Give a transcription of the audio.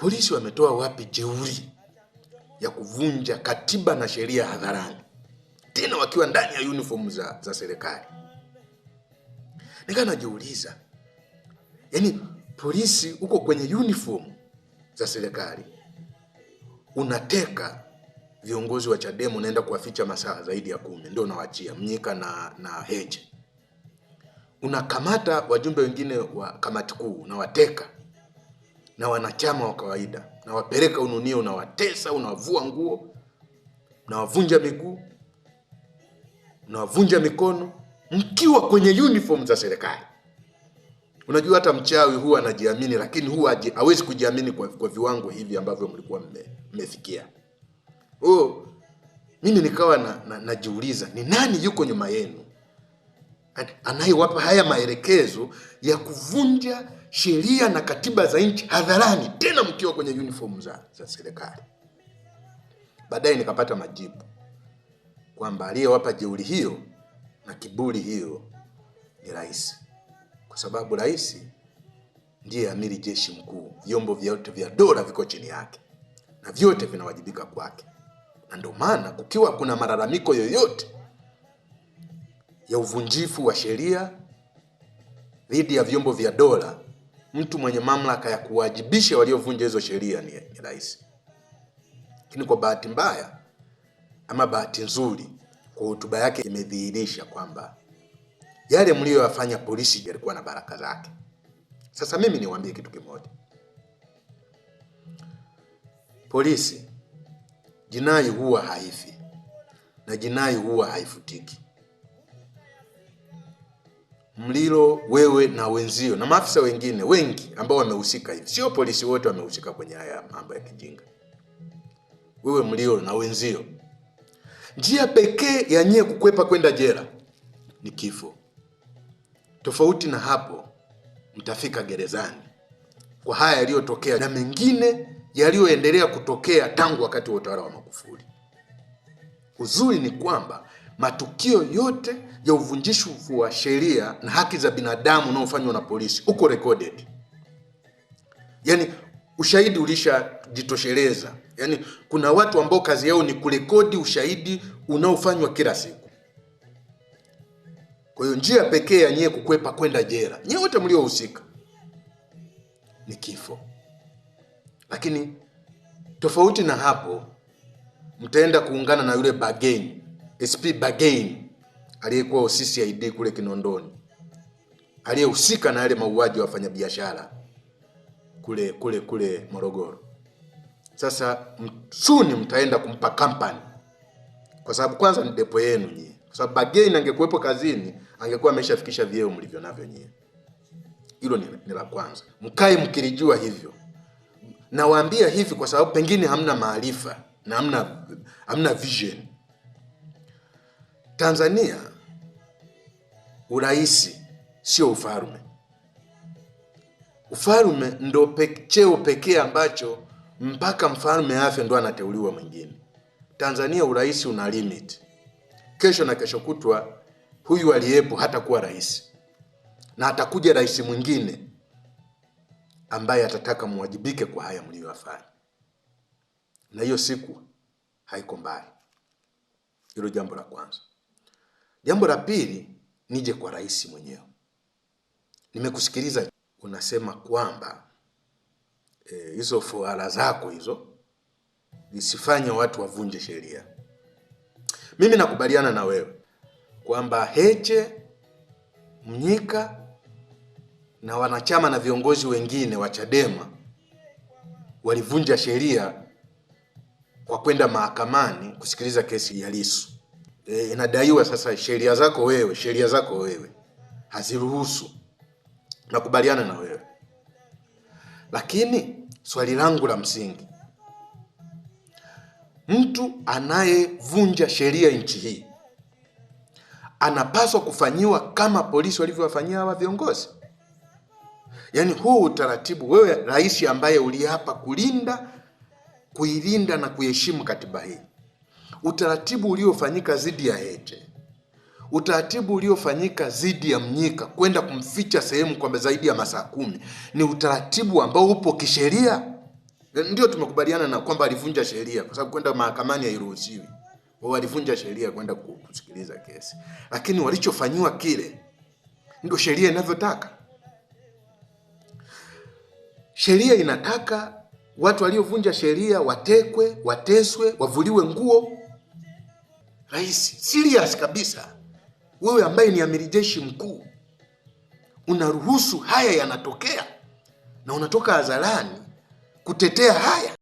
polisi wametoa wapi jeuri ya kuvunja katiba na sheria hadharani, tena wakiwa ndani ya uniform za, za serikali. Nikaa najiuliza, yaani polisi uko kwenye uniform za serikali, unateka viongozi wa Chadema, unaenda kuwaficha masaa zaidi ya kumi, ndio unawachia Mnyika na, na Heche. Unakamata wajumbe wengine wa kamati kuu, unawateka na wanachama wa kawaida, nawapeleka ununio unawatesa, unawavua nguo, unawavunja miguu, unawavunja mikono, mkiwa kwenye uniform za serikali. Unajua hata mchawi huwa anajiamini, lakini huwa hawezi kujiamini kwa, kwa viwango hivi ambavyo mlikuwa mmefikia. Oh, mimi nikawa na, na, najiuliza ni nani yuko nyuma yenu anayewapa haya maelekezo ya kuvunja sheria na katiba za nchi hadharani, tena mkiwa kwenye uniform za, za serikali. Baadaye nikapata majibu kwamba aliyewapa jeuri hiyo na kiburi hiyo ni rais, kwa sababu rais ndiye amiri jeshi mkuu, vyombo vyote vya dola viko chini yake na vyote vinawajibika kwake, na ndio maana kukiwa kuna malalamiko yoyote ya uvunjifu wa sheria dhidi ya vyombo vya dola mtu mwenye mamlaka ya kuwajibisha waliovunja hizo sheria ni, ni rais. Lakini kwa bahati mbaya ama bahati nzuri, kwa hotuba yake imedhihirisha kwamba yale mliyoyafanya polisi yalikuwa na baraka zake. Sasa mimi niwaambie kitu kimoja, polisi, jinai huwa haifi na jinai huwa haifutiki. Mlilo wewe na wenzio na maafisa wengine wengi ambao wamehusika hivi, sio polisi wote wamehusika kwenye haya mambo ya kijinga. Wewe Mlilo na wenzio, njia pekee ya nyie kukwepa kwenda jela ni kifo. Tofauti na hapo, mtafika gerezani kwa haya yaliyotokea na mengine yaliyoendelea kutokea tangu wakati wa utawala wa Magufuli. Uzuri ni kwamba matukio yote ya uvunjishi wa sheria na haki za binadamu unaofanywa na polisi uko recorded. Yani ushahidi ulishajitosheleza. Yani kuna watu ambao kazi yao ni kurekodi ushahidi unaofanywa kila siku. Kwa hiyo njia pekee ya nyie kukwepa kwenda jela, nyie wote mliohusika, ni kifo. Lakini tofauti na hapo, mtaenda kuungana na yule bageni SP Bagain aliyekuwa OCCID kule Kinondoni aliyehusika na yale mauaji ya wafanyabiashara kule kule kule Morogoro. Sasa msuni mtaenda kumpa kampani, kwa sababu kwanza ni depo yenu nyie, kwa sababu Bagain angekuwepo kazini angekuwa ameshafikisha vyeo mlivyo navyo nyie. Hilo ni, ni la kwanza, mkae mkilijua hivyo. Nawaambia hivi kwa sababu pengine hamna maarifa na hamna hamna vision Tanzania urais sio ufalme. Ufalme ndo pe, cheo pekee ambacho mpaka mfalme afe ndo anateuliwa mwingine. Tanzania urais una limit. Kesho na kesho kutwa huyu aliyepo hatakuwa rais, na atakuja rais mwingine ambaye atataka muwajibike kwa haya mliyoyafanya, na hiyo siku haiko mbali. Hilo jambo la kwanza. Jambo la pili, nije kwa rais mwenyewe. Nimekusikiliza unasema kwamba eh, hizo e, fuara zako hizo zisifanye watu wavunje sheria. Mimi nakubaliana na wewe kwamba Heche, Mnyika na wanachama na viongozi wengine wa Chadema walivunja sheria kwa kwenda mahakamani kusikiliza kesi ya Lissu e, inadaiwa sasa sheria zako wewe, sheria zako wewe haziruhusu, nakubaliana na wewe, lakini swali langu la msingi, mtu anayevunja sheria nchi hii anapaswa kufanyiwa kama polisi walivyowafanyia hawa viongozi? Yaani huu utaratibu, wewe rais ambaye uliapa kulinda, kuilinda na kuheshimu katiba hii utaratibu uliofanyika dhidi ya Hete, utaratibu uliofanyika dhidi ya Mnyika kwenda kumficha sehemu kwa zaidi ya masaa kumi ni utaratibu ambao upo kisheria. Ndio tumekubaliana na kwamba alivunja sheria, kwa sababu kwenda mahakamani hairuhusiwi. Wao walivunja sheria kwenda kusikiliza kesi, lakini walichofanyiwa kile ndio sheria inavyotaka. Sheria inataka watu waliovunja sheria watekwe, wateswe, wavuliwe nguo Rais, serious kabisa, wewe ambaye ni amiri jeshi mkuu unaruhusu haya yanatokea na unatoka hadharani kutetea haya?